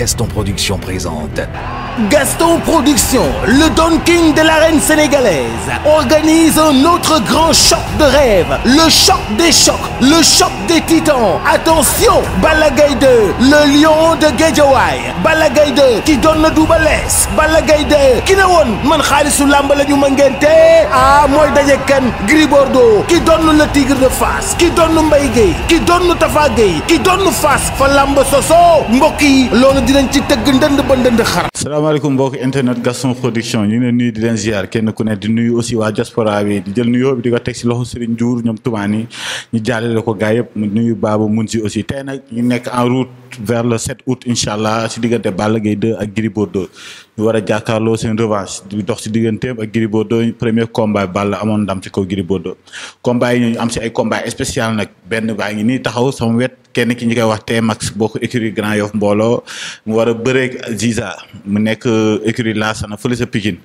Gaston Production présente. Gaston Production, le Don King de l'arène sénégalaise, organise un autre grand choc de rêve, le choc des chocs, le choc des titans. Attention, Balla Gaye 2, le lion de Guédiawaye, Balla Gaye 2 ki doon na Double man Balla Gaye 2 ki ne woon man xaalisu làmb la ñu ma ngente ah mooy daje kan Gris Bordeaux ki doon le Tigre de Fass ki doon Mbaye Guèye ki doon Tafa Guèye ki doon Fass fa làmb soso mbokk di ci tëgg ndënd ba ndënd xar. salaamaaleykum mbokk internet Gaston Production ñu ngi leen nuyu di leen ziar kenn ku ne di nuyu aussi waa diaspora bi di jël nuyoo bi di ko teg si loxo Serigne Diour ñoom tumaani ñu jàllale ko gars yëpp nuyu mun si aussi tey nag ñu nekk en route vers le 7 août incha allah si diggante Balla Gaye 2 ak Gris ñu war a jàkkaarloo seen revanche di dox si digganteem ak Gris Bordeaux premier combat Balla amoon ndam ci kaw Gris Bordeaux combat yi ñu am si ay combat spécial nag benn baa ngi nii taxaw sama wet kenn ki ñu koy wax tee max boo ko écurie Grand Yoff mbooloo mu war a bëreeg Ziza mu nekk écurie Laasana fële sa Pikine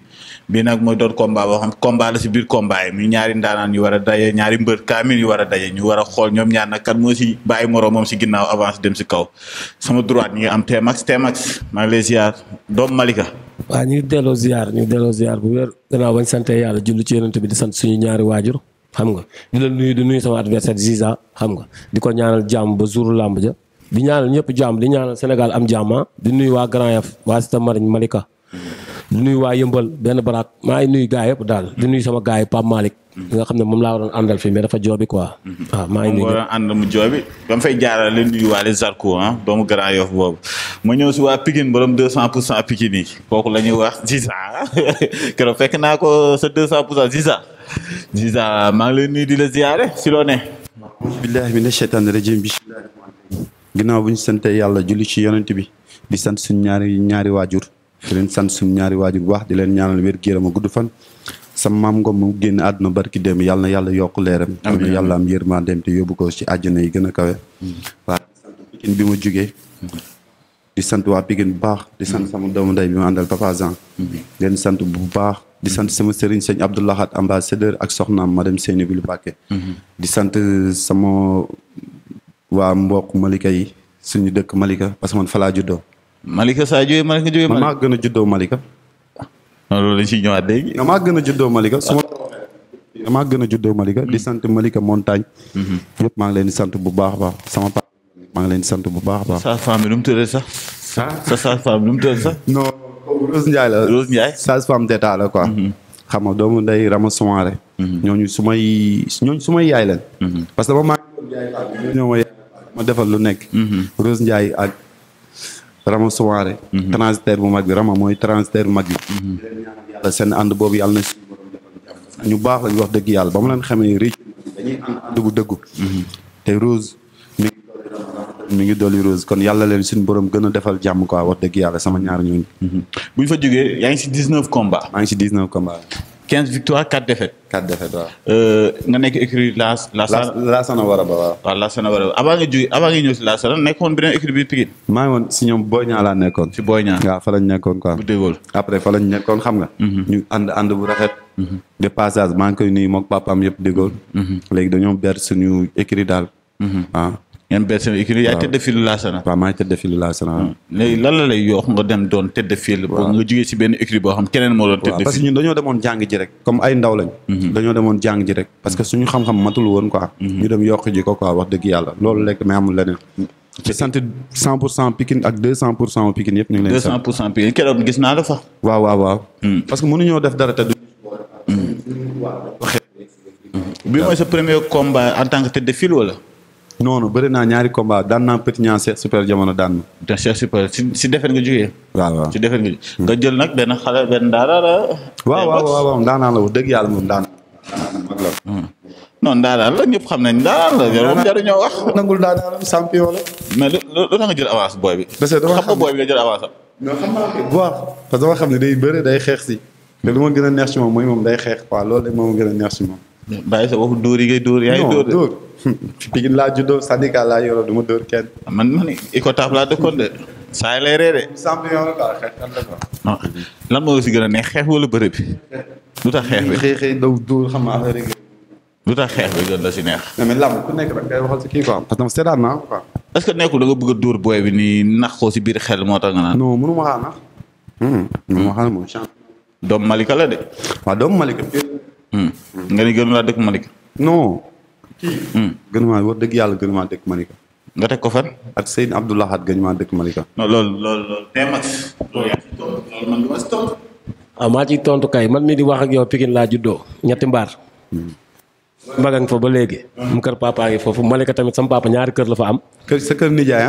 bii nag mooy doon combat boo xam combat la si biir combat yi muy ñaari ndaanaan yu war a daje ñaari mbër kaamil yu war a daje ñu war a xool ñoom ñaar nag kan moo si bàyyi moroom moom si ginnaaw avance dem si kaw sama droite ñi ngi am Tmax Tmax maa ngi lay ziar doom Malika. waaw ñu delloo ziar ñu ngi delloo ziar bu wér gannaaw bañ ci yonent bi di sant suñu ñaari waajur xam nga di la nuyu di nuyu sama adversaire xam nga di ko ñaanal jàmm ba jour làmb ja di ñaanal ñëpp jàmm di ñaanal Sénégal am jàmm ah. di nuyu waa Grand Yoff waa Cité Marine Malika di nuyu waa yëmbal benn baraak maa ngi nuyu gaa yëpp daal di nuy sama gaa yi Pape Malick. nga xam ne moom laa waroon àndal fii mais dafa joobi quoi. Mm-hmm. waaw maa ngi nuyu moom waroon ànd mu joobi. ba mu fay jaarale nuyu waale Zarko ah doomu Grand Yoff boobu ma ñëw si waa Pikine borom 200 pour cent Pikine yi kooku la ñuy wax Ziza keroog fekk naa ko sa 200 pour cent maa ngi lay nuyu di la ziyaare si loo ne. billahi mina shaytaani rajim bismillahi ginnaaw bu ñu sante yàlla julli ci yonent bi di sant suñu ñaari ñaari waajur. di leen sant suñ ñaari waajur bu baax di leen ñaanal wér gu a gudd fan sama maam Ngom mu génn àdduna barki dem yàlla na yàlla yokk leeram yàlla na yàlla am yërmandeem te yóbbu ko ci àjjana yi gën a kawe mm. waaw di sant bi ma jugee di sant waa Pikine bu baax di sant sama doomu ndey bi ma àndal Papa Jean mm. leen sant bu baax di sant sama sëriñ sëñ Abdou Lahad ambassadeur ak soxnaam dem Seyni Bilu Paquet mm-hmm. di sant sama waa mbokk Malika yi suñu dëkk Malika parce que man fa laa juddoo Malika saa jógee Malika jógee Malika. maa gën a juddoo Malika. non ah, loolu lañ siy ñëwaat gën a juddoo Malika su ma. maa gën a di sant Malika montagne. Mhm. yëpp maa leen di sant bu baax a baax sama papa maa ngi leen sant bu baax a baax. sa femme bi nu mu sa sa femme bi nu mu tuddee sax. non Rose Ndiaye la. Rose Ndiaye sa femme d'état la quoi. Mhm. xam nga doomu ndey Rama Soumaré. Mhm. ñooñu su may ñooñu su yaay leen. parce que ma maa ngi. ma defal lu nekk. Rose Ndiaye rama soirée mhm. transitaire bu mag bi rama mooy transitaire bu mag bi mhm. seen ànd boobu yàlla na suñu ñu baax lañ wax dëgg yàlla ba mu leen xamee récc dañuy ànd ànd bu dëggu mhm. te rose mi ngi dolli mi ngi rose kon yàlla leen suñu borom gën a defal jàmm quoi wax dëgg yàlla sama ñaar ñooñu bu ñu fa jógee yaa ngi si dix neuf combat maa ngi si 15 victoires 4 défaites. 4 défaites waaw. Euh, nga nekk écurie la la. Lassana Waraba a waaw Lassana Waraba avant nga jóge avant nga ñëw si Lassana nekkoon beneen écurie bi Pikine. maa ngi woon si ñoom Boy Niang nekkoon. si Boy Niang waaw fa lañ nekkoon quoi. bu déggoo après fa lañ nekkoon xam nga. Mhm. ñu ànd ànd bu rafet. Mhm. de passage maa ngi koy nuyu moog papaam yëpp déggoo. Mhm. léegi dañoo ber suñu écurie daal. ngeen benn seen écurie yaay tëdd fiilu laasana waaw maay tëdd fiilu laasana hmm. léegi lan la lay yoox nga dem doon tëdd fiil ba nga jógee si benn écurie boo xam keneen moo doon tëdd parce que ñun dañoo demoon jàng hmm. ji rek parce que hmm. suñu xam-xam matul woon quoi ñu dem yokk ko quoi wax dëgg yàlla loolu lekk mais amul leneen ci sant cent pour cent Pikine ak deux cent pour cent Pikine yëpp ñu ngi leen sant deux cent waaw waaw waaw parce que ñoo def dara te du bi mooy sa premier combat en tant que tëdd fiil wala non non bëri naa ñaari combat daan naa Petit Niang Cheikh Super daan na. Cheikh Super si si nga jógee. waaw waaw si defet nga hmm. nga jël nag benn xale benn daara la. waaw waaw waaw daan la wax dëgg yàlla moom daan naa hmm. non daanaan la ñëpp xam nañ daanaan la. yow moom jaruñoo wax. nangul daanaan champion la. mais lu lu tax nga jël avance booy bi. parce que dama xam nga booy bi nga jël avance am. non xam naa xam ne day bëre day xeex si. te lu ma gën a neex si day xeex waaw loolu de moom moom bàyyi sa waxu dóor yi ngay yaay dóor dóor Pikine laa juddoo syndicat laa yoroo du ma dóor man man Icotaf laa dëkkoon de. saa yi lay reere. champion la quoi xeex kan la ah, xeex wala bëre bi. lu tax xeex bi xëy xëy lu ta xeex bi gën la si neex. non mais lamb ku nekk rek ngay parce que seetaan naa quoi. est bëgg a bi nii nax ko si biir xel moo tax nga naan. non hmm, Malika la de. waaw doomu Malika. Hmm. nga ni gënu laa dëkk Malika. non. Hmm. gënu maa yàlla gënu maa dëkk Malika. nga teg ko fan. ak Seydou Abdou Lahad gënu dëkk Malika. non loolu man du ah, maa ci tontu kay man mii di wax ak yow Pikine laa juddoo ñetti mbaar. Hmm. mbaga nga fa ba léegi. mu kër papa ngi foofu Malika tamit sama papa ñaari kër la fa am. sa kër nijaay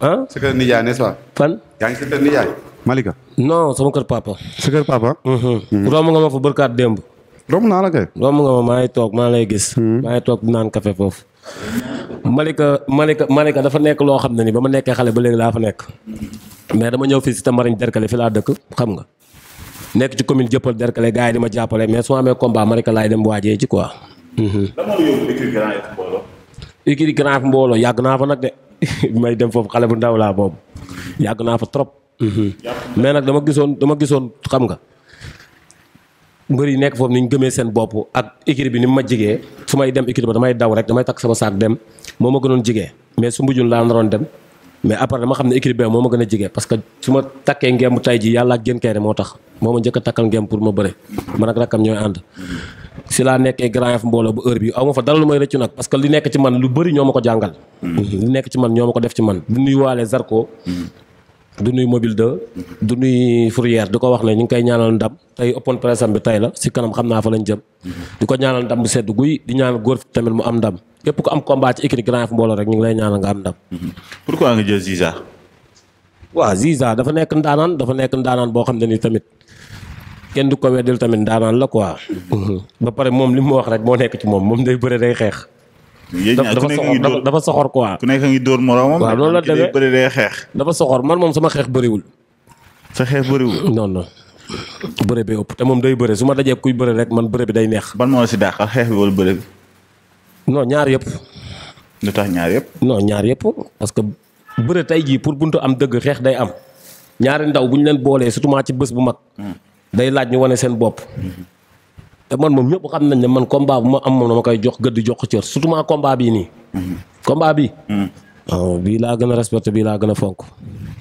ah. sa kër nijaay n'est-ce fan. yaa ngi sa kër nijaay. Malika. non sama kër papa. sa kër papa. Mhm. romb nga ma fa bërkaat démb. romb naa la kay. romb nga ma maa ngi toog maa lay gis. Hmm. maa toog naan café foofu. Malika Malika Malika dafa nekk loo xam ne ni ba ma nekkee xale ba léegi laa fa nekk. mais dama ñëw fii si Tambariñ Derkale fi laa dëkk xam nga. nekk ci commune Jëppal Derkale gars yi di jàppale mais su ma amee laay dem waajee ci quoi. Hmm. lan moo mbooloo. yàgg naa fa nag may dem foofu xale bu ndaw laa boobu yàgg naa fa trop. Hmm. mais nag dama gisoon dama gisoon xam nga. mbër yi nekk foofu ni ñu gëmee seen bopp ak équipe bi ni mu ma jigee su may dem équipe ba damay daw rek damay takk sama saak dem moo ma gënoon jigee mais su mbujun laa naroon dem mais après dama xam ne équipe bi gën a jigee parce que su ma takkee ngemb tay ji yàlla ak gën kay moo tax moo ma njëkk a takkal ngemb pour ma bëre man ak rakkam ñooy ànd si laa nekkee grand F mbooloo bu heure bi aw ma fa dara lu may rëccu nag parce que li nekk ci man lu bëri ñoo ma ko jàngal mm. li nekk ci man ñoo ma ko def ci man bu nuyuwaalee Zarko mm. du nuy mobile 2. du nuy fourrière di ko wax ne ñu ngi koy ñaanal ndam tey open press am bi tey la si kanam xam naa fa lañ jëm. di ko ñaanal ndam bu sedd guy di ñaanal góor tamit mu am ndam képp ku am combat ci équipe grand mbooloo rek ñu ngi lay ñaanal nga am ndam. pourquoi nga jël Ziza. waaw Ziza dafa nekk ndaanaan dafa nekk ndaanaan boo xam ne nii tamit kenn du ko weddil tamit ndaanaan la quoi. ba pare moom li mu wax rek moo nekk ci moom moom day bëre day xeex. dafa dafa soxor quoi. ku nekk ngi dóor moroomam. waaw loolu la demee bëri xeex. dafa soxor man moom sama xeex bëriwul. sa xeex bëriwul. non non bëre bi ëpp te moom day bëre su ma dajee kuy bëre rek man bëre bi day neex. ban moo si a xeex bi wala bëre bi. ñaar yëpp. lu tax ñaar yëpp. non ñaar yëpp parce que bëre tey jii pour buntu am dëgg xeex day am ñaari ndaw bu ñu leen boolee surtout ci bés bu mag. Hmm. day laaj mi wane seen bopp. Hmm. te man moom ñëpp xam nañ ne man combat bu ma am moom dama koy jox gëdd jox ko cër surtout ma combat bii nii. combat bii. Mm-hmm. Oh, bii laa gën a respecté bii laa gën a fonk.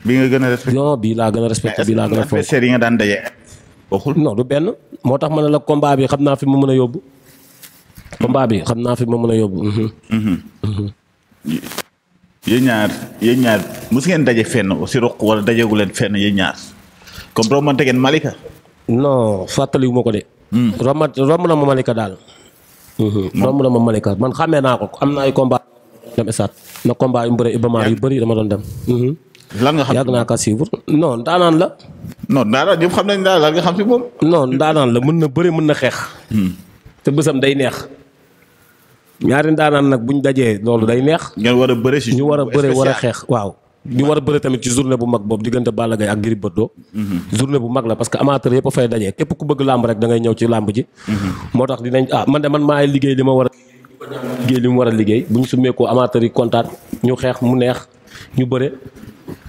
bii nga gën a respecté non bii laa gën a respecté bii laa gën a fonk adversaire yi nga daan daje. waxul du benn moo tax ma ne la combat bi xam naa fi ma mën a yóbbu. combat bi xam naa fi ma mën a yóbbu. Mm-hmm. Mm-hmm. yéen ñaar yéen ñaar mos ngeen daje fenn si roq wala dajeegu leen fenn yéen ñaar comme romante ngeen Malika. non fàttaliwu ma ko de. Hmm. romb romb na ma Malika daal. Hmm. Hmm. romb na ma Malika man xamee naa ko am na ay combat dem esat na combat yu bëri Ibamaar yu bëri dama doon dem. lan nga xam yàgg naa ka suivre non ndaanaan la. non ndaanaan ñëpp xam nañ daal lan nga xam si moom. non ndaanaan la mën na bëri mën na xeex. te bësam day neex. ñaari ndaanaan nag buñ dajee loolu day neex. ngeen war a ñu war a bëre xeex waaw. ñu war a bëre tamit ci journée bu mag boobu diggante Balla Gaye ak Gris Bordeaux mm-hmm. journée bu mag la parce que amateur yëpp a fay dajee képp ku bëgg làmb rek da ngay ñëw ci làmb ji mm-hmm. moo tax dinañ ah man de man maay liggéey li ma war a liggéey li mu war a liggéey bu ñu summeekoo amateur yi kontaan ñu xeex mu neex ñu bëre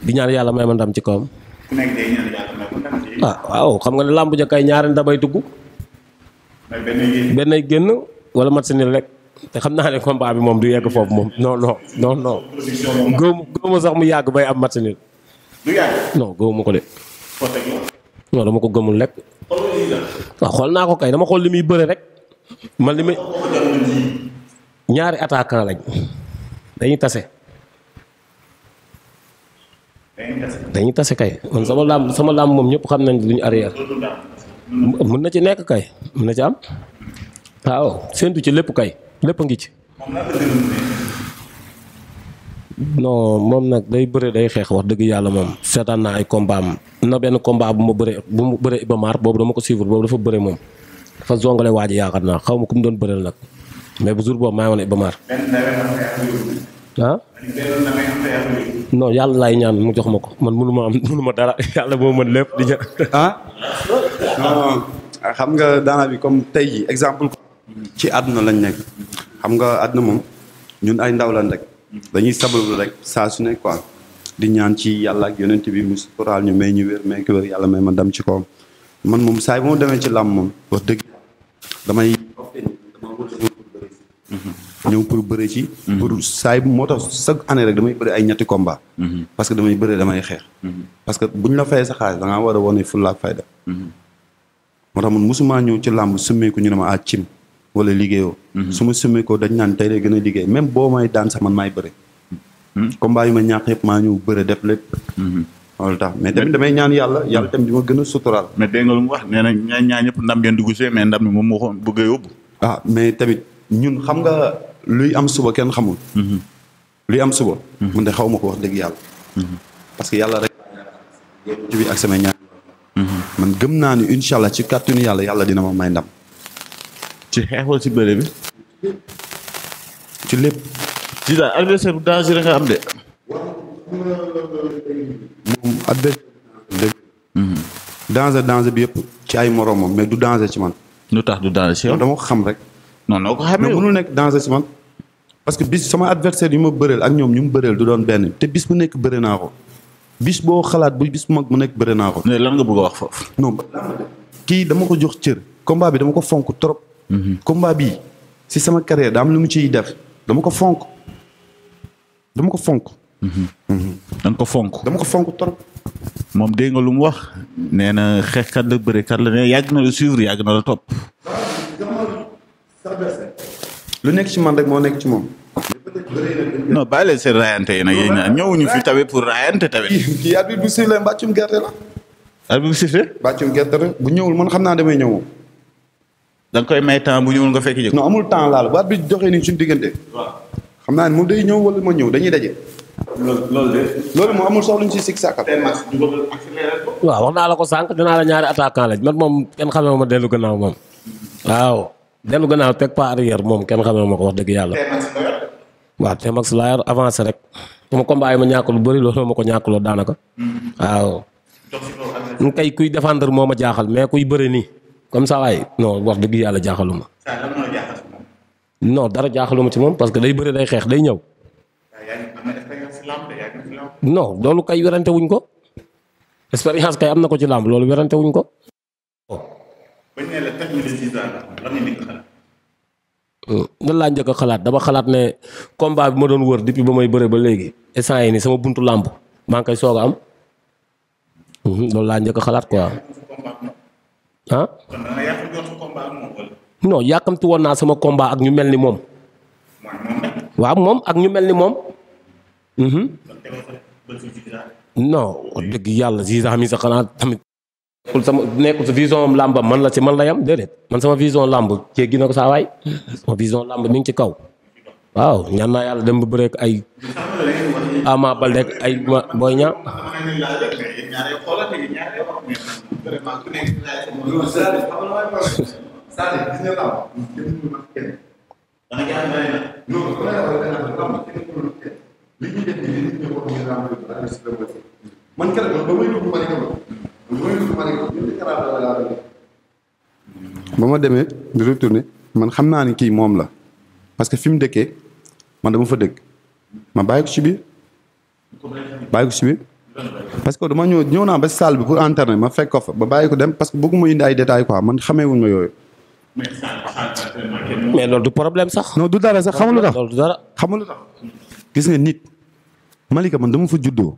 di ñaan yàlla may ma ndam ci kawam ah waaw xam nga ne làmb ja kay ñaari ndamay dugg benn génn wala mat si rek te xam naa ne combat bi moom du yegg foofu moom non non non non. gëw gëw ma sax mu yàgg bay am match nul. du non gëw ma ko de. non dama ko gëmul rek. waaw ah, xool naa ko kay dama xool li muy bëre rek. man li muy ñaari attaquant lañ dañuy tase. dañuy tase kay man sama laam sama laam moom ñëpp xam nañ lu ñu arrière. mën na ci nekk mën na ci am. waaw séntu ci lépp kay. lépp a ngi ci. non moom nag day bëre day xeex wax dëgg yàlla moom seetaan naa ay combat am na benn combat bu ma bëree bu mu bëree Iba Mar boobu dama ko suivre boobu dafa bëre moom dafa zongale waa ji yaakaar naa xaw ma ku mu doon bëreel nag mais bu jour boobu maa ngi woon Iba Mar. ah. ñaan mu jox ma ko man mënu ma am mënu ma dara yàlla boo man lépp di ñaan. ah nga daana bi comme tey exemple. ci àdduna lañ nekk xam nga àdduna moom ñun ay ndaw lañ rek dañuy sabablu rek saa su ne quoi di ñaan ci yàlla ak yonent bi mu sutural ñu may ñu wér may ko wér yàlla may ma dem ci kawam man moom saa yi ma demee ci làmb moom wax dëgg damay ñëw pour bëre ci mhm. pour mhm. saa yi moo tax chaque année damay bëre ay ñetti combat mhm. parce que damay bëre damay xeex parce que ñu la fayee sa xaalis da war a wane fulla ak fayda moo tax man mosumaa ñëw ci làmb summeeku ñu ne ma a ah, cim wala liggéeyoo. Mhm. suma ma sumee ko dañ naan tey de gën a liggéey même boo may daan sax man maay bëre. Mhm. combat yu ma ñàkk yëpp maa ñëw bëre def lépp. Mhm. loolu tax mais tamit damay ñaan yàlla yàlla tamit di ma gën a suturaal. mais dégg nga lu mu wax nee na ñaan ñëpp ndam ngeen dugg see mais ndam mi moom moo ko bëgg a yóbbu. ah mais tamit ñun xam nga luy am suba kenn xamul. luy am suba. man de xaw ma ko wax dëgg yàlla. parce que yàlla rek. bi ak sama ñaan. man gëm naa ni incha allah ci kàttanu yàlla yàlla dina ma may ndam. ci xeex ci bëre bi ci lépp ci daal adversaire bu danger nga am de. moom adversaire mhm. danger danger bi yëpp ci ay moromam mais du danger ci man. lu tax du danger ci yow dama ko xam rek. noonu non ko xamee mais mënul nekk danger ci man. parce que bis sama adversaire yu ma bëreel ak ñoom ñu mu bëreel du doon benn te bis bu nekk bëre naa ko bis boo xalaat bu bis bu mag mu nekk bëre naa ko. mais lan nga bëgg wax foofu. non kii dama ko jox cër combat bi dama ko fonk trop. Mhm. combat bi si sama carrière daa lu mu ciy def dama ko fonk dama ko fonk. Mhm. Mhm. danga ko fonk. dama ko fonk trop. moom dégg nga lu mu wax nee na xeexkat la bërekat la ne yàgg na la suivre yàgg na la topp. lu nekk ci man rek moo nekk ci moom. non bàyyi leen seen raayante yi nag yéen ñaan ñëwuñu fi tamit pour raayante tamit. kii at bi bu siflee mbàccum gerte la. at bi bu siflee. mbàccum gerte la bu ñëwul man xam naa damay ñëw. da koy may temps bu ñëwul nga fekk jëkk. non amul temps laal baat bi joxee nii suñu diggante. xam naa ne moom day ñëw wala ma ñëw dañuy daje. loolu loolu de. loolu amul soxla ñu si sikk sàkkal. waaw wax naa la ko sànq dinaa la ñaari attaquant lañ man moom kenn xamee ma moom. waaw dellu gannaaw teg pas arrière moom kenn xamee ma ko wax dëgg yàlla. waaw te max laa yor avancé rek. sama combat yi ma ñàkk lu bëri loolu ma ko ñàkk ñàkkuloo daanaka. Mm-hmm. waaw. kay kuy défendre moo ma jaaxal mais kuy bëri nii. comme ça waaye non wax dëgg yàlla jaaxaluma. saa lan moo jaaxal ci dara jaaxaluma ci moom parce que day bëri day xeex day ñëw. non loolu kay werante ko. expérience kay am na ko ci làmb loolu werante wuñ ko. bañ hmm, laa njëkk xalaat dama xalaat ne combat bi ma doon wër depuis ba may bëre ba léegi instant yi nii sama buntu làmb maa ngi koy soog a am hmm, loolu laa njëkk a xalaat quoi. ah. non yàkkamti woon naa sama combat ak ñu mel ni moom. waaw moom ak ñu mel ni moom. Mhm. non dëgg yàlla Ziza mi sa tamit. nekkul sama nekkul sa vision làmba man la si man la yam déedéet man sama vision làmb jéggi na sama vision làmb mi ci kaw. waaw ñaan naa yàlla dem ba bëre ak ay. Ama Baldé ay Boy Niang. vraiment ba ma demee di man xam naa ni kii moom la parce que fi mu dëkkee man dama fa dëkk ma bàyyi ko ci bàyyi ko ci parce que dama ñëw ñëw naa ba salle bi pour internet ma fekk ko fa ba bàyyi ko dem parce que bëgguma indi ay détails quoi man xamee wuñ ma yooyu. mais loolu du problème sax. non du dara sax xamul tax loolu dara. xamul tax gis nga nit. Malika man dama fa juddoo.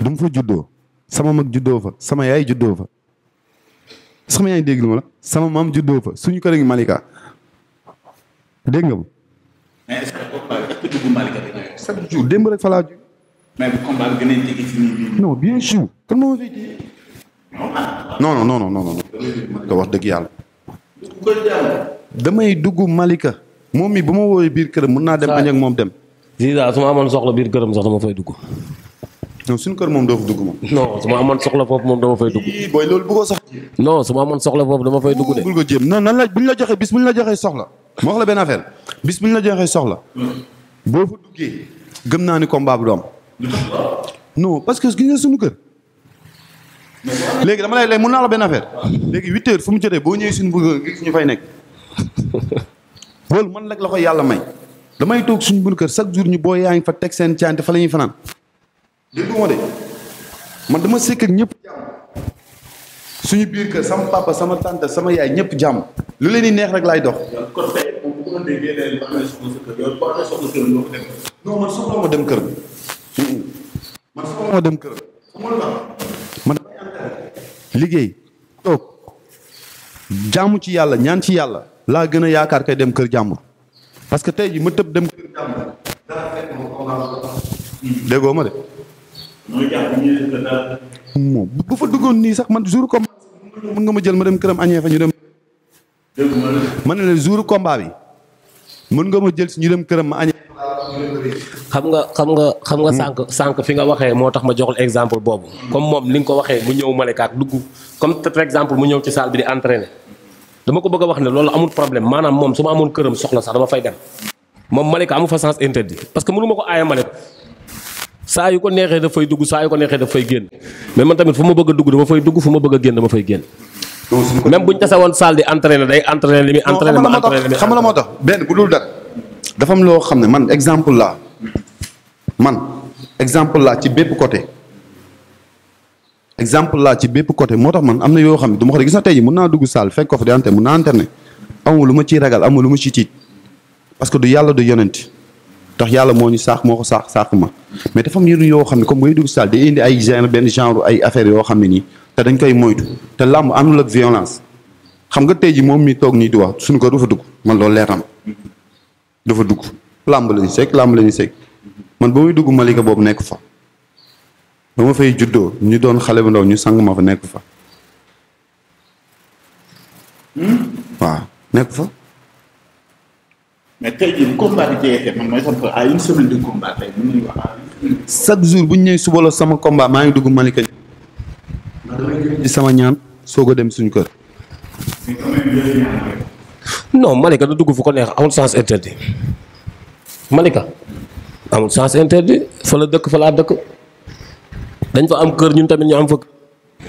dama fa juddoo. sama mag juddoo fa sama yaay juddoo fa. sama yaay dégg ma la sama maam juddoo fa suñu kër gi Malika dégg nga ma. mais bu combat bi gën a jege ci wax dëgg yàlla. damay dugg Malika. moom mi bu ma woowee biir këram mun naa dem. añ ak moom dem. Ziza su ma amoon soxla biir këram sax dama fay dugg. non suñu kër moom doo fa dugg moom. non su ma amoon soxla foofu moom dama fay dugg. booy loolu bu ko sax. non su soxla foofu dama fay dugg de. bul ko jéem non nan la bu ñu la joxee bis bu ñu la joxee soxla. ma wax la benn affaire bis bu ñu la joxee soxla. boo fa duggee gëm naa ni kombaab bu doom non parce que gis nga suñu kër. léegi dama lay lay mën naa la benn affaire. léegi huit fu mu jotee boo ñëwee suñu bëgg gis ñu fay nekk. loolu man nag la ko yàlla may. damay toog suñu bunt kër chaque jour ñu yaa ngi fa teg seen caante fa la ñuy fanaan. dégg dama sekk ak biir kër sama papa sama tante sama yaay ñëpp jàmm. lu leen di neex rek laay dox. kon tey bu ko ma dem kër. man soxla liggéey toog jaamu ci yàlla ñaan ci yàlla laa gën a yaakaar kay dem kër jàmbur parce que tey ji ma tëb dem kër déggoo ma de moom bu fa duggoon nii sax man jour combat mën nga ma jël ma dem këram añee fa ñu dem ma ne la jour combat bi mën nga ma jël si ñu dem këram ma añee. xam nga xam nga xam nga sànq sànq fi nga waxee moo tax ma joxul exemple boobu. comme moom li nga ko waxee mu ñëw malekaat dugg comme par exemple mu ñëw ci saal bi di entraîner. dama ko bëgg wax ne loolu amul problème maanaam moom su ma amoon këram soxla sax dama fay dem. moom maleka amu fa sens interdit parce que mënu ma ko aaya malek saa yu ko neexee dafay dugg saa yu ko neexee dafay génn mais man tamit fu ma bëgg a dugg dama fay dugg fu ma bëgg a génn dama fay même bu ñu tase woon salle di entraîner day entraîner li muy entraîner ma entraîner li xam nga moo tax benn bu dul dara dafa am loo xam ne man exemple laa man exemple laa ci bépp côté exemple laa ci bépp côté moo tax man am na yoo xam ne du ma ko gis na tey ji mën naa dugg salle fekk ko fa di entraîner mën naa entraîner amul lu ma ciy ragal amul lu ma ciy tiit parce que du yàlla du yonent tax yàlla moo ñu saax moo ko saax saax ma mais dafa am yenn yoo xam ne comme ngay dugg salle day indi ay genre benn genre ay affaire yoo xam ne nii te dañ koy moytu te làmb àndul ak violence xam nga tey ji moom mi toog nii di wax suñu ko dafa dugg man loolu leer na dafa dugg làmb la ñu sekk làmb la ñu man ba muy dugg Malika boobu nekk fa ba ma fay juddoo ñu doon xale bu ndaw ñu sang ma fa nekk fa waaw nekk fa. mais tey jii bu combat sama à chaque jour bu ñu ñëwee suba la sama combat maa ngi dugg Malika. damay sama ñaan soog a dem suñu kër. non Malika da dugg fu ko neex amul sens interdit Malika amul sens interdit fa la dëkk fa laa dëkk dañ fa am kër ñun tamit ñu am fa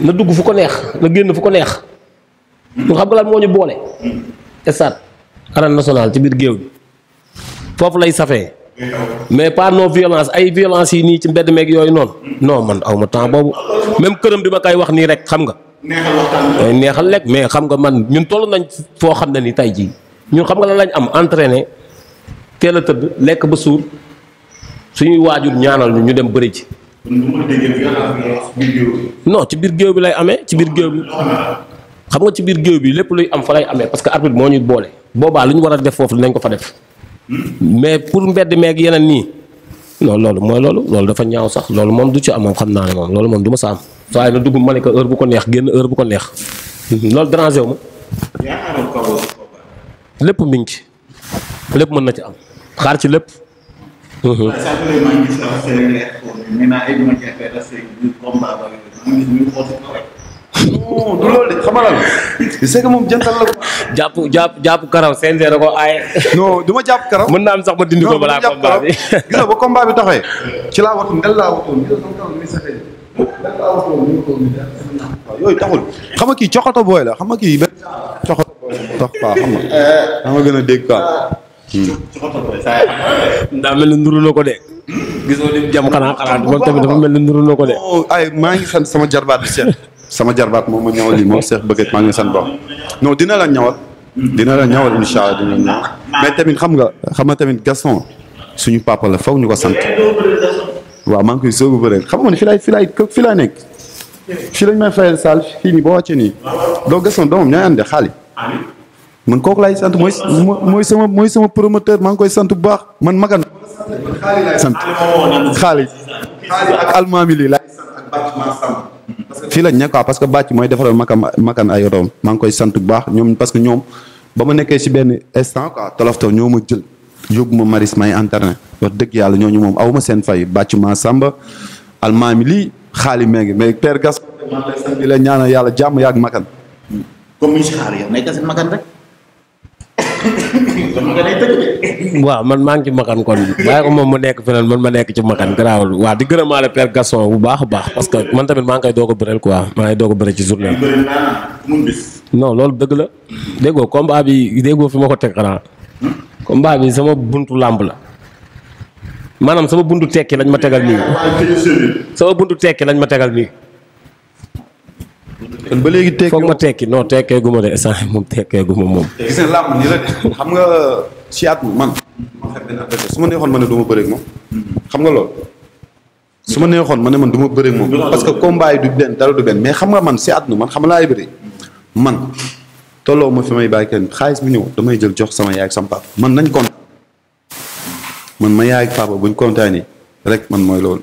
na dugg fu ko neex na génn fu ko neex ñun xam nga lan moo ñu boole stade arène nationale ci biir géew bi foofu lay safee mais par non violence ay violence yi nii ci mbedd meeg yooyu noonu non man aw ma temps boobu même këram di ma koy wax nii rek xam nga. Eh, neexal lekk mais xam nga man ñun toll nañ foo xam ne ni tey jii ñun xam nga lan lañ am entraîné teel a tëdd lekk ba suur suñuy waajur ñaanal ñu dem bëri ji. non ci biir géew bi lay amee ci biir géew bi. xam nga ci biir géew bi lépp luy am fa lay amee parce que arbitre moo ñuy boole. boobaa lu ñu war a def foofu dinañ ko fa def. mais pour mbedd meeg yeneen nii loolu loolu mooy loolu loolu dafa ñaaw sax loolu moom du ci am xam naa ne moom loolu moom du ma sa am saa yi na dugg Malika heure bu ko neex génn heure bu ko neex loolu dérangé wu ma. lépp mi ci lépp mën na ci am xaar ci lépp. non du loolu de xamalal c'est moom jantal la ko. jàpp jàpp jàpp karaw seen da ko aaye. non du ma jàpp karaw. mën naa am sax ma dindi ko balaa combat ci laa waxtu ndel laa waxtoon ko yooyu taxul xam nga kii coxato booy xam nga kii benn coxato gën a dégg quoi. coxato booy saa yi. daa mel ni nuru ko de. gis xanaa xalaat moom tamit dafa mel ni nuru ko de. Oh, ay maa ngi sama jarbaat bi seet. sama jarbaat moom ma ñawal yi moom Cheikh Bëgget maa ngi sant baax non dina la ñawal. dina la ñawal incha allah dina la ñawal mais tamit xam nga xam nga tamit Gaston suñu papa la faw ñu ko sant waaw maa ngi koy sóobu bëre xam nga fi laay fi laay fi laay nekk fii lañ may fayal saal fii nii boo wàccee nii donc Gaston doomam ñooy ànd xaali man kooku lay sant mooy mooy sama mooy sama promoteur maa ngi koy sant bu baax man magan sant xaali ak ak fii la ne quoi parce que bàcc mooy defaral ma makan ay room maa ngi koy sant bu baax ñoom parce que ñoom ba ma nekkee si benn instant quoi toloftoo ñoo ma jël yóbbu ma maris may internet wax dëgg yàlla ñooñu moom aw ma seen fay bàcc maa sàmba almaami lii xaali mee mais père gas di la ñaanal yàlla jàmm yaag makan waaw man maa ngi ci makan kon bàyyi ko moom mu nekk feneen man ma nekk ci makan garaawul waa di gërëmaale père Gaston bu baax a baax parce que man tamit maa ngi koy ko a bëreel quoi maa ngi doog a bëre ci journée non loolu dëgg la déggoo combat bi déggoo fi ma ko teg xanaa hmm? combat bi sama buntu làmb la maanaam sama buntu tekki lañ ma tegal nii sama buntu tekki lañ ma tegal nii kon ba léegi tekki foog ma tekki non tekkee gu ma de instant moom tekkee gu ma moom. gis nga làmb nii la xam nga si at mi man. su ma neexoon man ne du ma bëreeg moom. xam nga loolu. neexoon ma ne man du ma bëreeg moom. parce que combat du benn dara du benn mais xam nga man si at mi man xam laay bëri. man tolloo ma fi baay bàyyi kenn xaalis bu ñëw damay jël jox sama yaay ak sama papa man nañ kontaan man ma yaay ak papa buñ kontaanee rek man mooy loolu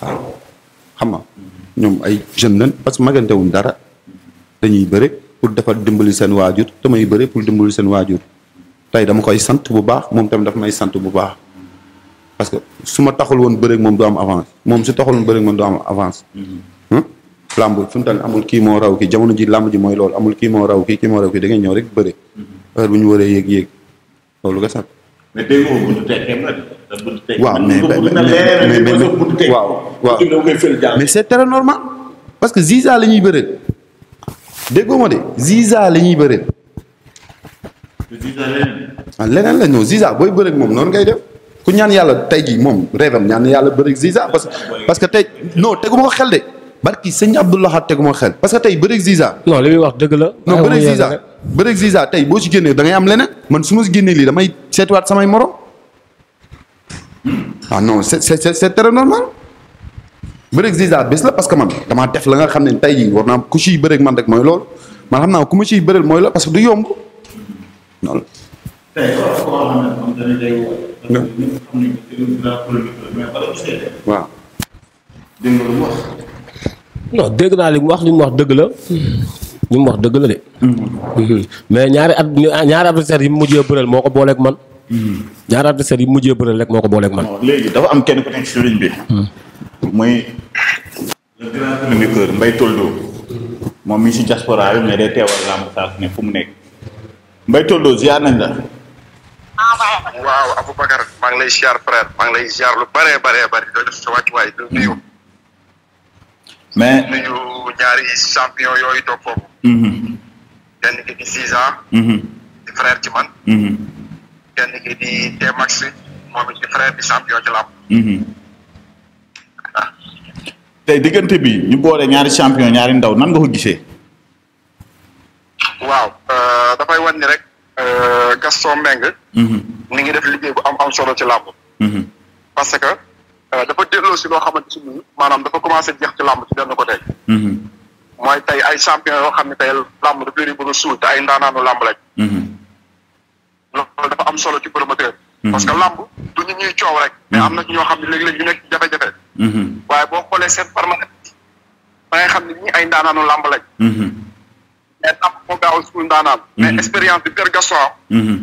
waaw xam nga. ñoom ay jeune lañ parce que magante wuñ dara dañuy bëre pour defar dimbali seen waajur damay bëre pour dimbali seen waajur tey dama koy sant bu baax moom tamit daf may sant bu baax parce que su ma taxul woon bëre moom du am avance moom su taxul woon bëre moom du am avance. Mm-hmm. làmb fu mu toll amul kii moo raw kii jamono ji làmb ji mooy loolu amul kii moo raw kii kii moo raw kii da ngay ñëw rek bëre mm-hmm. heure bu ñu waree yéeg yéeg loolu nga sant. mais tey moom buntu tey kenn la de. buntu waaw mais mais mais normal parce que Ziza la ñuy bëreel déggoo ma de Ziza la ñuy bëreel. a leneen. ah leneen la booy bëreel moom noonu ngay def ku ñaan yàlla tey jii moom réewam ñaan yàlla bëreel Ziza parce que parce que tey non teguma ko xel de barki sëñ Abdou Lahad teguma ko xel parce que tey bëreel Ziza. non li muy wax dëgg la. bëreeg Ziza tey boo ci génnee dangay am leneen man su ma si génnee lii damay seetuwaat samay morom ah non c'est c'est c'est normal bëreeg Ziza bés la parce que man damaa def la nga xam ne tey jii war naa ku ciy bëreeg man rek mooy lool man xam naa ku ma ciy bëreel mooy la parce que du yomb noonu la. waaw. dégg nga lu naa li wax li mu wax dëgg la. li mu wax dëgg la de. Mm-hmm. mais ñaari at ñaari adversaire yi mu mujjee bëreel moo ko booleeg man. Mm-hmm. ñaari adversaire yi mu mujjee bëreel rek moo ko booleeg man. léegi dafa am kenn ku nekk si ligne bi. mooy mm. le grand communiqueur Mbaye Toldo moom mi si diaspora bi mais day teewal làmb saa su ne fu mu nekk Mbaye Toldo ziar nañ la. waaw Aboubacar maa ngi lay ziar frère maa ngi lay ziar lu bëree bëree bëri doo def sa wàccuwaay du ñaari champion yooyu toog foofu. Mhm. kenn ki di Ziza. Mhm. di frère ci man. Mhm. kenn ki di Tmax moom it di frère di champion ci làmb. tey diggante bi ñu boole ñaari champion ñaari ndaw nan nga ko gisee. waaw euh, dafay wan ni rek euh, Gaston Mbengue. mi ngi def liggéey bu am am solo ci làmb. parce que. Euh, dafa delloo si loo xamante si nii maanaam dafa commencé jeex ci làmb ci benn côté. Mhm. mooy tey ay champion yoo xam ne tey làmb daf leen bëgg ay ndaanaanu làmb lañ. Mhm. loolu dafa am solo ci promoteur. Mhm. parce que làmb du ñu ñuy coow rek. mais am na ci ñoo xam ne léeg léegi ñu nekk jafe-jafe. waaye boo xoolee seen permanence ba nga xam ne ñii ay ndaanaanu làmb lañ. mais làmb moo gaaw a suul ndaanaan. mais expérience bi Père Gaston. dañuy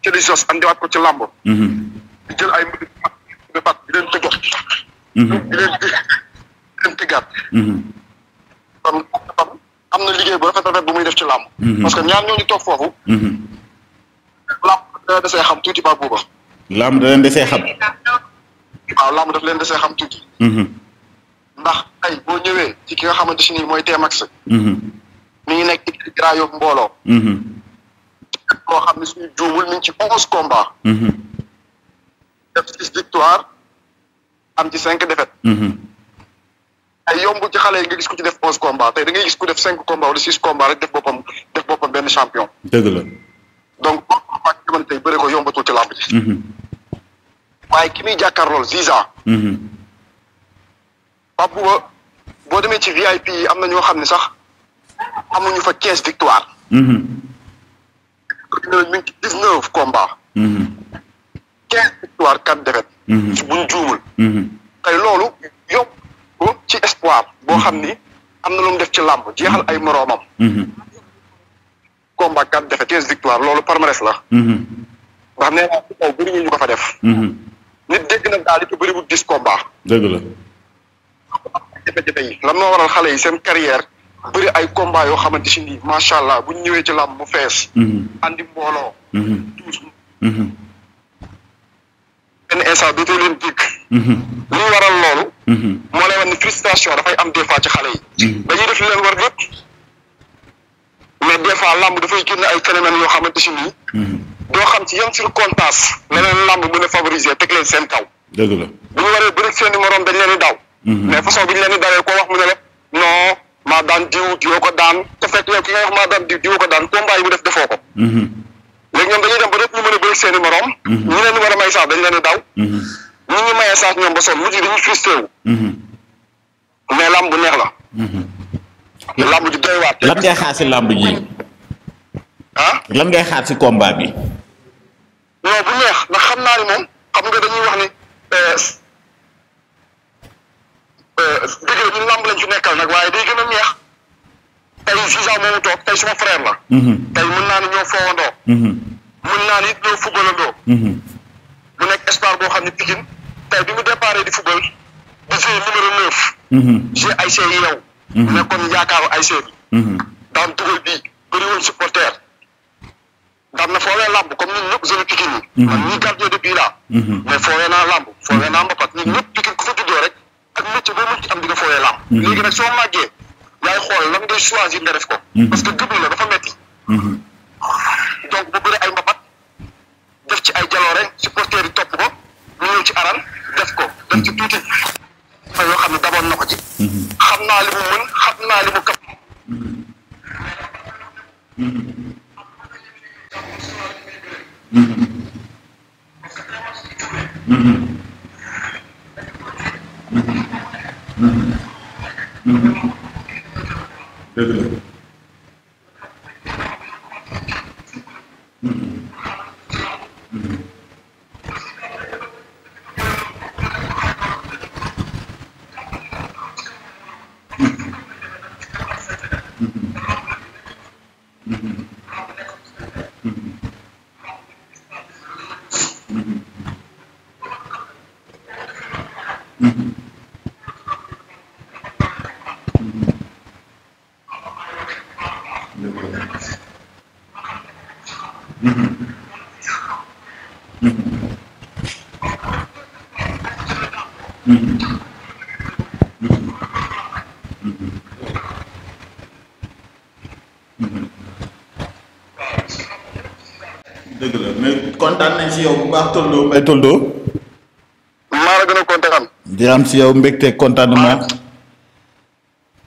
def ci ko ci làmb. di jël ay mbir. ba pat di leen tëggat. Mhm. di leen di leen tëggaat. Mhm. kon kon am na liggéey bu rafet rafet bu muy def ci làmb. Mhm. parce que ñaar ñooñu toog foofu. làmb dana desee xam tuuti ba buuba. làmb da leen desee xam. waaw làmb daf leen desee xam tuuti. ndax tey boo ñëwee ci ki nga xamante si nii mooy Tmax. mi ngi nekk ci Grand mbooloo. loo xam ne suñu juumul mi ci onze combats. def six victoire am ci cinq défaite ay mhm. yomb ci xale yi nga gis ku ci def onze combat tey da gis ko def cinq combat wala six combat rek def boppam def boppam benn champion dëgg donc boo ko fàcc man bëri ko yombatul ci làmb mhm. waaye ki muy jàkkaar lool Ziza mhm. Pape Bouba boo demee ci VIP yi am na ñoo xam ne sax amuñu fa quinze victoire ñu ngi ci dix combat quinze victoires quatre défaites mm-hmm. ci buñ juumul mm-hmm. tey loolu yóbbu ko ci espoir boo xam ni am na lu mu def ci làmb jeexal ay moroomam mm-hmm. combat quatre défaites quinze victoires loolu palmarès la nga xam ne kaw bëri ñu ko fa def nit dégg na daal it bëri bu dix combat dëgg la moo waral xale yi seen carrière bëri ay combat yoo xamante si nii macha allah buñ ñu ñëwee ci làmb mu fees andi mbooloo benn instant dootoo leen dégg. Mhm. li waral loolu. Mhm. moo lay wax ni frustration dafay am des fois ci xale yi. dañuy mhm. def leen war lépp mais des fois làmb dafay génn ay phénomènes yoo xamante si nii. doo xam ci yan circonstance la leen làmb mën a favoriser teg leen seen kaw. dëgg la bu waree bëri seen i morom dañ leen di daw. mais façon bi ñu leen dawee koo wax mu ne la non maa daan diw diwoo ko daan te fekk yow ki nga wax maa daan diw diwoo ko daan combat yi mu def defoo ko. léegi ñoom dañuy dem ba dootuñu mën a bëri seen i ñu leen war a may sax leen a daw. Mhm. ñu ñu mayee sax ñoom ba sonn mujj dañuy mhm. mais lamb bu neex la. Mhm. lamb ji doy waat. lan ngay xaar si lamb ji. ah lan ngay xaar si combat bi. non bu neex ndax xam naa ni moom xam nga dañuy wax ni euh, euh, dëgg la ñun lamb lañ ci nekkal nag waaye day gën a neex. tey Zouza moomu toog tey suma frère la. Mhm. tey mën naa ne ñoo foowandoo. Mhm. mën naa ne ñoo fubalandoo. mu mhm. nekk espoir boo xam ne Pikine tey bi mu déparé di fubal di jouer numéro neuf. jouer ay see yow. nekkoon yaakaaru ay see bi. daan dugal bii bëri woon supporter daan na foowee làmb comme ñun ñëpp jeune Pikine yi. man ñii gardien de bii laa. mais foowee naa làmb foowee naa mbapat ñun ñëpp Pikine ku fa juddoo rek ak métier boo mën ci am di nga yaay xool lan ngay choisir nga def ko. Mhm. parce que dugub la dafa metti mhm. donc bu bëri ay mbapat def ci ay jaloore supporters yi topp ko mu ñëw ci aral def ko def ci tuuti fa yoo xam ne daboon na ko ci. Mhm. xam naa li mu mën xam naa li mu kap. dëgg la mais kontaan nañ si bu baax Toldo Mbaye Toldo. maa la gën a kontaan. di am si yow mbégte kontaanuma.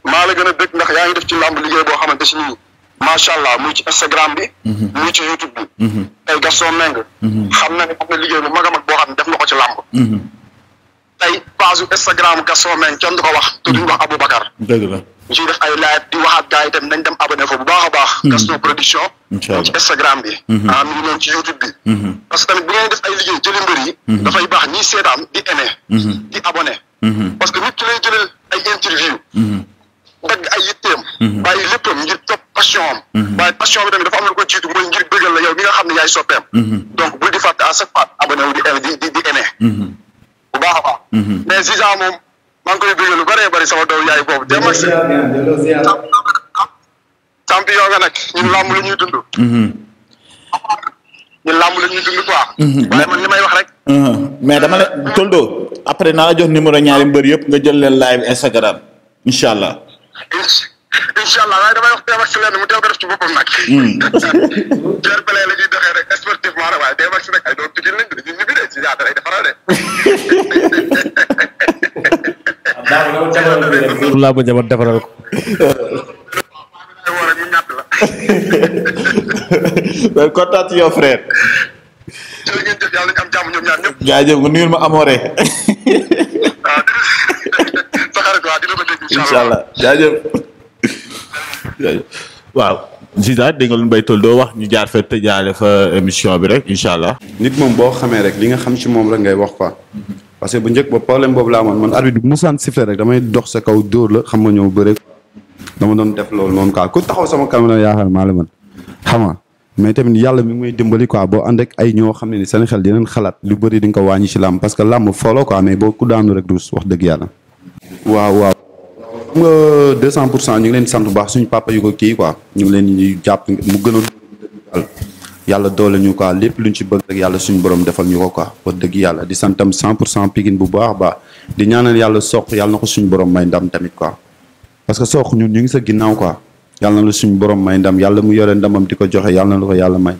maa la gën a bëgg ndax yaa ngi def ci làmb liggéey boo xamante si nii macha allah muy ci Instagram bi. Mhm. muy ci YouTube bi. Mhm. tey Gaston mhm. xam na ne am na liggéey bu mag a mag boo xam ne def na ko ci làmb. tey page Instagram Gaston Mbengue kenn du ko wax. te duñ wax Aboubacar. dëgg la. ñu ciy def ay live di wax ak gars yi tamit nañ bu baax a baax. Mhm. Gaston production. Instagram bi. Mhm. ah mi ngi ci YouTube bi. Mhm. parce que tamit bu ngeen def ay liggéey jëli mbër yi. dafay baax ñiy seetaan di aimé. di abonné. parce que nit ki ay interview. dagg ay yitteem. bàyyi léppam ngir topp passion am. waaye passion bi tamit dafa am lu ko jiitu mooy ngir bëggal la yow mi nga xam ne yaay soppeem. donc bul di fàtte à chaque fois abonné wu di di di aimé. a baax. mais Ziza maa koy bëgg lu bëree bëri sama doom yaay boobu. jërëjëf jërëjëf champion nga nag ñun làmb la ñuy dund. Mm-hmm. ñun làmb la ñuy dund quoi. Mm-hmm. waaye wax rek. Mm-hmm. mais dama la euh, Toldo après naa la jox numéro ñaari mbër yëpp nga jël leen live Instagram incha allah. incha allah waaye damay wax teew ak si teew ko def ci boppam nag. jërëjëf mm. la ñuy doxee. defaral na leen pour làmb njaboot defaral ko. loolu kontaan ci yow frère. jërëjëf ma amoore. incha allah jaajëf waaw. Ziza dégg nga bay toll doo wax ñu jaar fa tëjaale fa émission bi rek incha allah. nit moom boo xamee rek li nga xam si moom rek ngay wax quoi. parce que bu njëkk ba problème boobu laa amoon man arbitre bi musaan siffler rek damay dox sa kaw dóor la xam nga ñëw dama doon def loolu noonu quoi ku taxaw sama caméra yaakaar maa man xam nga mais tamit yàlla mi ngi may dimbali quoi boo ànd ak ay ñoo xam ne ni seen xel dinañ xalaat lu bari di ko wàññi ci làmb parce que làmb fooloo quoi mais boo ku daanu rek ruus wax dëgg yàlla. waaw waaw. xam nga 200 pour cent ñu ngi leen sant bu baax suñu pàppa yu ko kii quoi ñu ngi leen di jàpp mu gënoon. yàlla doole ñu quoi lépp luñ ci bëgg rek yàlla suñu borom defal ñu ko quoi wax dëgg yàlla di santam 100 pour cent Pikine bu baax baax di ñaanal yàlla soq yàlla na ko suñu borom may ndam tamit quoi parce que soq ñun ñu ngi sa ginnaaw quoi yàlla la suñu borom may ndam yàlla mu yore ndamam di ko joxe yàlla na ko yàlla may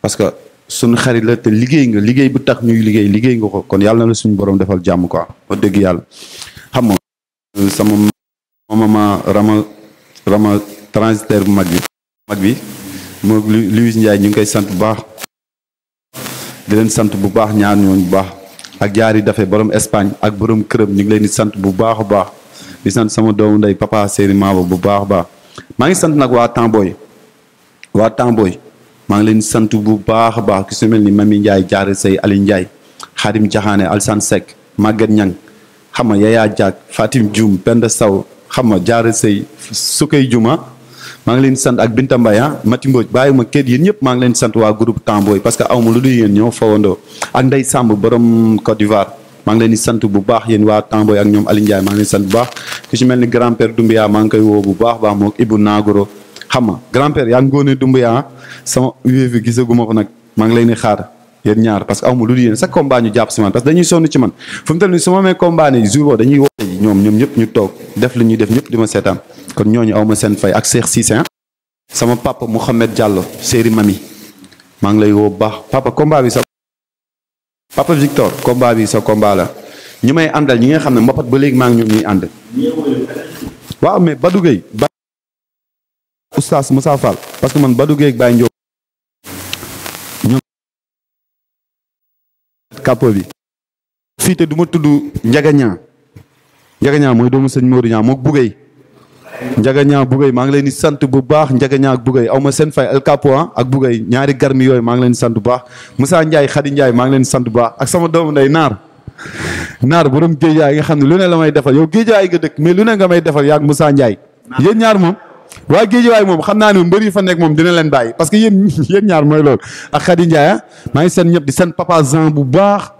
parce que suñu xarit la te liggéey nga liggéey bu tax ñuy liggéey liggéey nga ko kon yàlla na la suñu borom defal jàmm ko wax dëgg yàlla xam nga euh, sama mama rama rama transitaire bu mag bi mag bi moom Louis Ndiaye ñu ngi koy sant bu baax di leen sant bu baax ñaar ñooñu bu baax ak jaari dafe borom Espagne ak boroom këram ñu ngi leen di sant bu baax a baax di sant sama doom ndey papa Seri bu baax a baax maa ngi sant nag waa Tamboy waa Tamboy maa ngi leen sant bu baax a baax ki su mel ni Mami Ndiaye jaari say Ali Ndiaye xaarim Jaxaane Alsan Seck Maguette Ñang xam nga Yaya Diak Fatim Dioum Penda Saw xam nga jaari say Sukay Juma maa ngi leen sant ak Binta Mbaye ah Mati Mbodj bàyyi ma kéet yéen ñëpp maa ngi leen di sant waa groupe Tambooy parce que aw lu dul yéen ñoo fawandoo ak Ndeye Samb borom Côte d'Ivoire maa ngi leen di sant bu baax yéen waa Tambooy ak ñoom Aliou Ndiaye maa bu baax ku ci mel ni grand père Doumbia maa ngi koy woo bu baax baax mook Ibou Nagoro xam nga grand père yaa ngi góone Doumbia ah? sama wéefi gisaguma ko nag maa ngi leen di xaar yéen ñaar parce que aw ma lu dul yéen chaque combat ñu jàpp si man parce que dañuy sonn ci man fu mu su ma amee combat nii jour ñu toog def li ñuy def ñëpp di ma seetaan kon ñooñu aw ma seen fay ak Cheikh Cissé ah sama papa Mouhamed Diallo séeri mami maa ngi lay woo bu baax papa combat bi sa papa Victor combat bi sa combat la may àndal ñi nga xam ne mbapat ba léegi maa ngi ñoom ñuy ànd waaw mais Badou Gueye ba oustaz Moussa Fall parce que man Badou Gueye ak Baye Ndiop kat kàppo bi fii te du ma tudd njagañaa njagañaa mooy doomu sëñ Modou ñaa mook buggéey njagañaa buggéey maa ngi leen di sant bu baax njagañaa ak buggéey aw ma seen fay El Capo ah ak buggéey ñaari garmi yooyu maa ngi leen di sant baax Moussa Ndiaye Khady Ndiaye maa ngi leen sant baax ak sama doomu ndey naar naar borom géejaay nga xam ne lu ne la may defal yow géejaay nga dëkk mais lu ne nga may defal yaa ak Moussa Ndiaye yéen ñaar moom waa waay moom xam naa ne mbër yi fa nekk moom dina leen bàyyi parce que yéen yéen ñaar mooy loolu ak Khady Ndiaye ah, maa ngi sant ñëpp di sant papa Jean bu baax.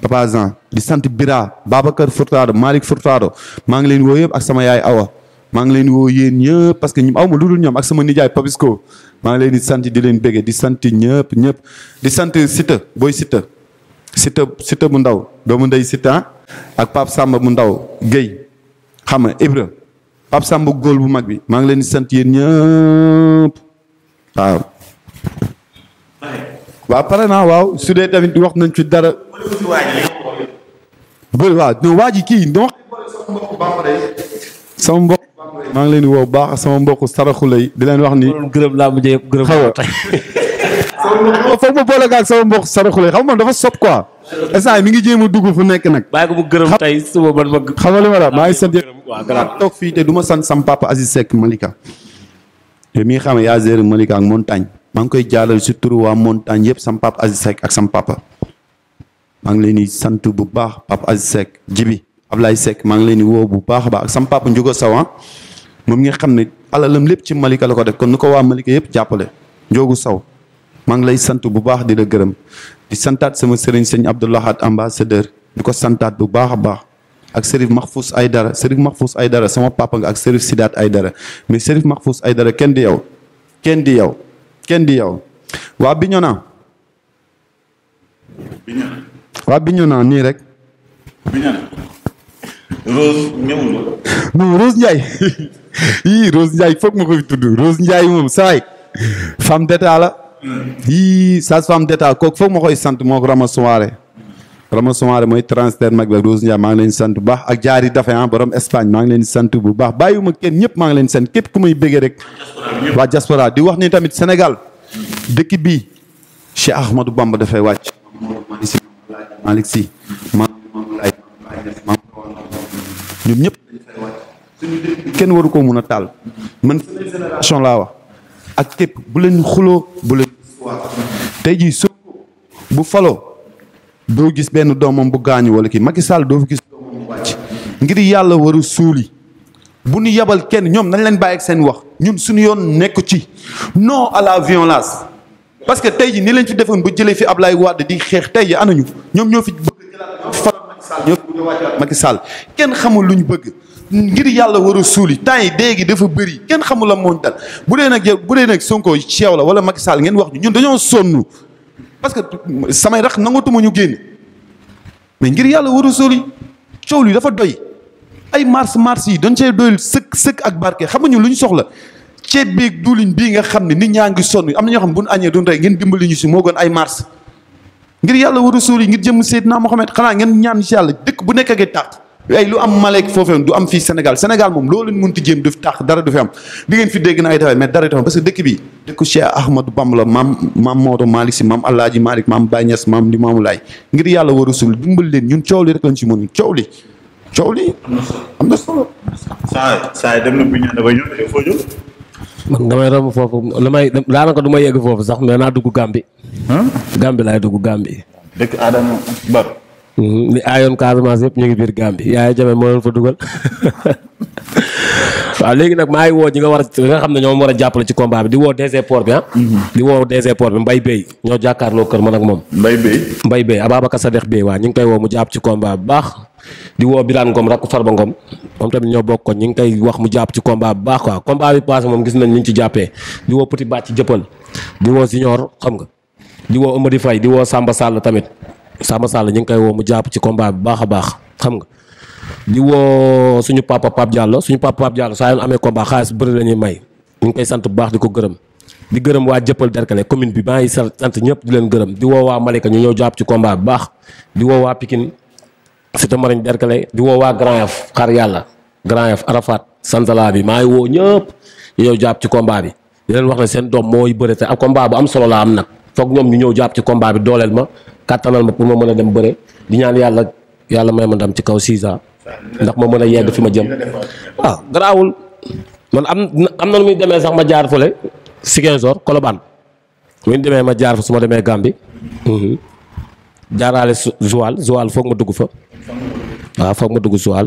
papa di sant Bira Babacar Furtado Malick Furtado maa ngi leen woo yëpp ak sama yaay Awa maa ngi leen woo yéen ñëpp parce que ñu aw ma lu dul ak sama nijaay Papisco maa ngi leen di sant di leen bége di sant ñëpp ñëpp di sant Sita booy Sita. Sita Sita bu ndaw doomu ndey Sita ah, ak Pape Samba bu ndaw Guèye xam nga Ibra Pape Samba góol bu mag bi maa ngi leen di sant yéen ñëpp waaw. waaw pare naa waaw su dee tamit wax nañ ci dara. bëri waaw non waa ji kii non. sama mbokk maa ngi leen di woo baax sama mbokk saraxule yi di leen wax ni. gërëm laa mujjee gërëm xaw foog ma boole gaal sama mbokk saraxule xam man dafa sob quoi instant mi ngi jéem a dugg fu nekk nag bàyyi ko mu gërëm tey suba man ma xam nga li ma la maa ngi sant yëpp toog fii te du ma sant sam papa Aziz Seck Malika te xam ne yaa géré ak montagne maa ngi koy jaalal si turu waa montagne yëpp sam papa Aziz Seck ak sam maa ngi leen di sant bu baax papa Aziz Seck jibi Ablaye Seck maa ngi leen di woo bu baax a baax ak sam papa Njugo Sawan ah. moom nga xam ne alalam lépp ci Malika la ko def kon nu ko waa Malika yëpp jàppale Njogu Saw maa ngi lay sant bu baax di la gërëm di santaat sama sëriñ sëñ Abdoulahat ambassadeur di ko santaat bu baax a baax ak Serif Mahfous Aydara Serif ay dara sama papa nga ak Serif Sidaat Aydara mais Serif ay dara kenn di yow kenn di yow kenn di yow waa Bignona waa Bignona nii rek Rose ñëwul non Rose Ndiaye yii ma koy tudd Rose Ndiaye moom saay femme d'état yii sage-femme d'État kooku foog ma koy sant moo ko Rama Soumaré Rama Soumaré mooy transitaire mag bi ak Rose Ndiaye maa ngi leen sant bu baax ak jaari dafe ah borom Espagne maa ngi leen sant bu baax bàyyiwuma kenn ñëpp maa ngi leen sant képp ku may bëggee rek waa diaspora di wax ni tamit Sénégal dëkk bii Cheikh Ahmadou Bamba dafay wàcc Malick Sy ñoom ñëpp kenn waru ko mun a taal man génération ak képp bu leen xuloo tey jii Sonko bu faloo doo gis benn doomam bu gaañu wala kii Macky Sall doo fi gis ngir yàlla war suuli bu ñu yabal kenn ñoom nañ leen bàyyi ak seen wax ñun suñu yoon nekku ci non à la parce que tey ji ni lañ fi defoon bu jëlee fi ab Ablaye Wade di xeex tey ji anañu ñoom ñoo fi bëgg jëlaat Macky kenn xamul lu bëgg ngir yàlla war a suuli temps yi dee gi dafa bëri kenn xamul la moo dal bu dee nag bu dee nag Sonko ceew la wala Macky Sall ngeen wax ñu ñun dañoo sonn parce que samay rax nangatuma ñu génn mais ngir yàlla war a suuli coow li dafa doy ay mars mars yi dañ cee doyul sëkk sëkk ak barke xam nga ñun lu ñu soxla ceeb beeg duulin xam ne nit ñaa ngi sonn am na ñoo xam bu ñu dimbali ñu si moo gën ay mars ngir war a suuli ngir jëm Seydina Mohamed xanaa ngeen ñaan si yàlla dëkk bu nekk ak tàq ay lu am Malek foofee du am fii Sénégal Sénégal moom loolu leen mënti jéem du fi tax dara du fi am di ngeen fi dégg na ay dafay mais dara du fi am parce que dëkk laa dëkku Cheikh Ahmadou Bamba la maam maam Maodo ngir yàlla war a suul dimbal leen ñun coow li rek lañ si mën coow li coow li na solo saa saa dem na bu ñaan dafa ñëw il faut ñëw man damay romb foofu yegg foofu sax mais naa dugg Gàmbi Gàmbi laay dugg Gàmbi dëkk Adama Bar li mhm. aayoon Casamance yëpp ñu ngi biir Gambie Yaya Jammeh moo leen fa dugal waaw léegi nag maa ngi woo ñi nga war a nga xam ne ñoom war a jàppale ci combat bi di woo DG Port bi ah. Mhm. di woo DG Port bi Mbaye Bey ñoo jàkkaarloo kër ma nag moom. Mbaye Bey Mbaye Bey Ababacar Sadikh Bey waa ñu ngi koy woo mu jàpp ci combat bu baax. di woo Birane Ngom rakk Farba Ngom moom tamit ñoo bokk ko ñu ngi koy wax mu jàpp ci combat bu baax quoi combat bi passé moom gis nañ ñu ngi ci jàppee di woo Petit Bàcc jëppal di woo Signor xam nga di woo Amady Faye di woo sàmba Sall tamit Samba Sall ñu ngi koy woo mu jàpp ci kombaa bi baax a baax xam nga di woo suñu papa Pape Diallo suñu papa Pape Diallo saa yoon amee combat xaalis bëri la ñuy may ñu ngi koy sant bu baax di ko gërëm di gërëm waa jëppal derkale commune bi maa ngi sant ñëpp di leen gërëm di woo waa Malika ñu ñëw jàpp ci combat bi baax di woo waa Pikine Cité Marine derkale di woo waa Grand Yoff xar yàlla Grand Yoff Arafat Sanzala bi maa ngi woo ñëpp ñu jàpp ci combat bi di leen wax ne seen doom mooy bëri te ak combat bu am solo la am nag foog ñoom ñu ñëw jàpp ci combat bi dooleel ma kàttanal ma pour ma mën a dem bëre di ñaan yàlla yàlla may ma ndam ci kaw Ziza ndax ma mën a yegg fi ma jëm ah garaawul man am na nu muy demee sax ma jaar fële Ziguinchor Colobane muy demee ma jaar fa su ma demee Gambie mhm. jaaraale Joal Joal foog ma dugg fa waaw foog ma dugg Joal.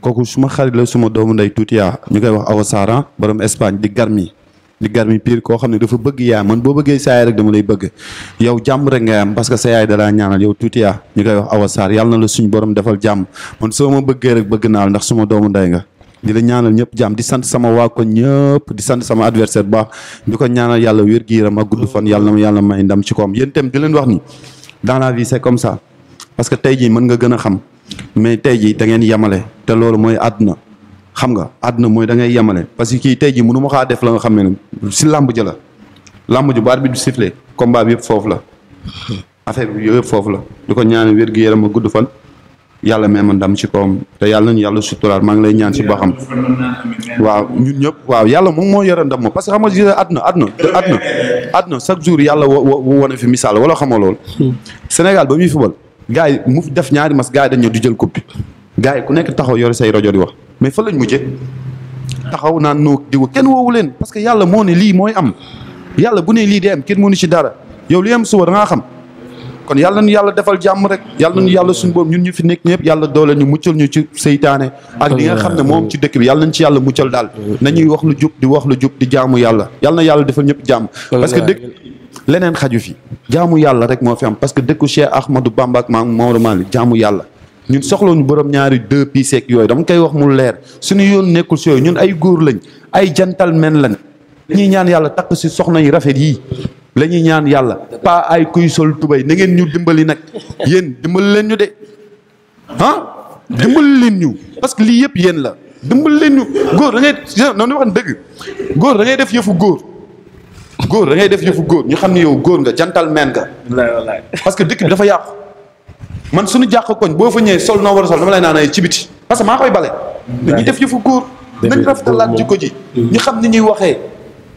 kooku suma xarit la suma doomu ndey tuuti yaa ñu koy wax Awa Sara borom Espagne di garmi di garmi pire koo xam ne dafa bëgg yaa man boo bëggee sa yaay rek dama lay bëgg yow jàmm rek nga am parce que sa yaay dalaa ñaanal yow tuuti yaa ñu koy wax Awa Sar yàlla na la suñ borom defal jàmm man soo ma bëggee rek bëgg naa la ndax suma doomu ndey nga di la ñaanal ñëpp jàmm di sant sama waa ko ñëpp di sant sama adversaire bu di ko ñaanal yàlla wér gi yaram ak gudd yàlla na yàlla may ndam ci koom yéen itam leen wax ni dans la vie parce que tey jii mën nga gën a xam mais tey jii da ngeen yemale te loolu mooy àdduna xam nga àdduna mooy da ngay yemale parce que kii tey jii mënu ma xaa def la nga xam ne si làmb ji la làmb ji bu arbitre bi sifflé combat yëpp foofu la affaire bi yëpp foofu la di ko ñaan wér gu yaram a gudd fan yàlla may ma ndam ci kawam te yàlla nañu yàlla suturaal maa ngi lay ñaan ci baxam waaw ñun ñëpp waaw yàlla moom moo yore ndam ma parce que xam nga gis àdduna àdduna àdduna chaque jour yàlla wo wone fi misaal wala xamoo loolu hmm. Sénégal ba muy fubal gars yi mu def ñaari mas gars yi dañ ñëw di jël coupe bi gars yi ku nekk taxaw yore say rajo di wax mais fa lañ mujjee taxaw naan noo diw kenn woowu leen parce que yàlla moo ne lii mooy am yàlla bu ne lii dee am kenn mënu ci dara yow li am suba da xam kon yàlla nañu yàlla defal jàmm rek yàlla nañu yàlla suñu boobu ñun ñu fi nekk ñëpp yàlla doole ñu muccal ñu ci seytaane ak li nga xam ne moom ci dëkk bi yàlla nañ ci yàlla muccal daal nañuy wax lu jub di wax lu jub di jaamu yàlla yàlla yàlla defal ñëpp jàmm parce que dëkk leneen xaju fi jaamu yàlla rek moo fi am parce que dëkku Cheikh Ahmadou Bamba ak maam Maodo Malick jaamu yàlla ñun soxlawuñu borom ñaari deux pièces yooyu dama koy wax mu leer suñu yoon nekkul si yooyu ñun ay góor lañ ay jantal men lañ dañuy ñaan yàlla takk si soxna yu rafet yii la ñuy ñaan yàlla pas ay kuy sol tubay na ñu dimbali nag yéen dimbali leen ñu de ah dimbali leen ñu parce que lii yëpp yéen la dimbali leen ñu góor da ngay noonu wax dëgg góor da ngay def yëfu góor góor da ngay def yëfu góor ñu xam ne yow góor nga gentleman nga. wallaay parce que dëkk bi dafa yàqu. man suñu jàq koñ boo fa ñëwee sol noo war a sol dama lay naan ay ci biti parce que maa koy bale. dañuy def yëfu góor. nañ ji. ñu xam ni ñuy waxee.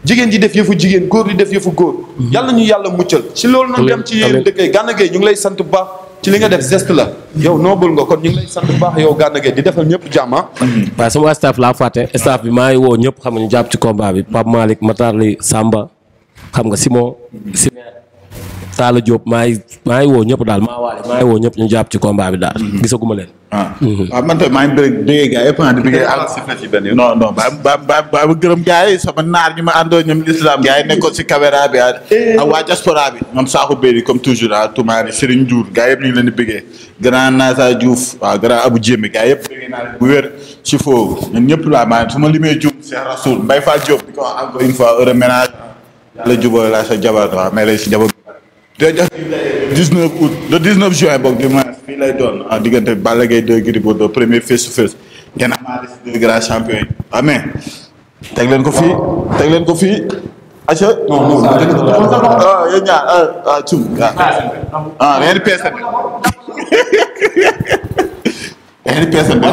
jigéen ji def yëfu jigéen góor di def yëfu góor. yàlla ñu yàlla muccal. ci loolu noonu dem ci yéen dëkkee Gana Gueye ñu ngi lay sant bu baax. ci li nga def geste la. yow noobul nga kon ñu ngi lay sant bu baax yow Gana di defal ñëpp jàmm ah. waaw sama staff laa fàtte staff bi maa ngi woo ñëpp xam nga ñu jàpp ci combat bi Samba. xam nga Simon Simon Talla Diop maa ngi maa ngi woo ñëpp daal maa waale woo ñëpp ñu jàpp ci combat bi daal. Mhm. gisaguma leen. waaw ah. mhm. ah, man maa ngi bëgg bëggee gars yëpp ah di gërëm gars sama naar ñi ma àndoon ñoom islam gars yi nekkoon si caméra bi ah, ak waa diaspora bi. ñoom Sakho Béri comme toujours ah Toumani Serigne Diour gars yëpp ñu ngi leen di bëggee grand Nasa Diouf waaw grand Abou Diémé yëpp bu wér si foofu ñëpp laa maa su limee Diouf Cheikh Rasoul Mbaye Fall Diop ko wax encore une fois la jubóo la sa jabar waaw mais lay si jabar te le 19 juin boog du moins fii lay doon ah diggante Balla Gaye 2 Gris Bordeaux premier face to face ngeen amaale si deux grands yi amee ah, teg leen ko fii teg leen ko fii aca ah yéen ñaar ah ah cum ah ngeen di peesante ngeen di peesante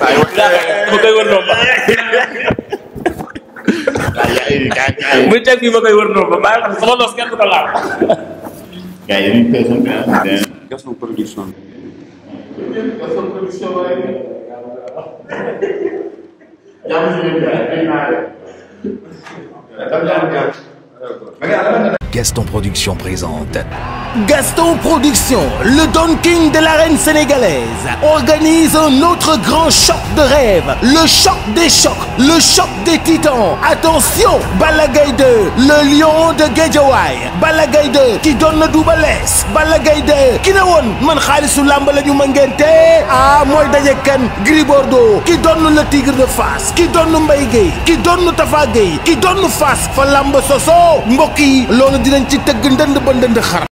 ma koy wër ndomba. muy teg fii ma koy wër ndomba maa ngi xam sama los kenn du ko laal. gars yi dañuy peese mais. Gaston production. Gaston production waaye. jàmm si Gaston Production présente. Gaston Production, le Don King de l'arène sénégalaise, organise un autre grand choc de rêve, le choc des chocs, le choc des titans. Attention, Balla Gaye 2, le lion de Guédiawaye, Balla Gaye 2 qui donne Double Less, Balla Gaye 2 ki ne woon man xaalisu làmb la ñu mëngente ah mooy daje kan Gris Bordeaux ki donne le tigre de Fass, qui donne Mbaye Guèye, qui donne Tafa Guèye, qui donne Fass fa làmb mbokk yi loolu dinañ ci tëgg ndënd ba ndënd xar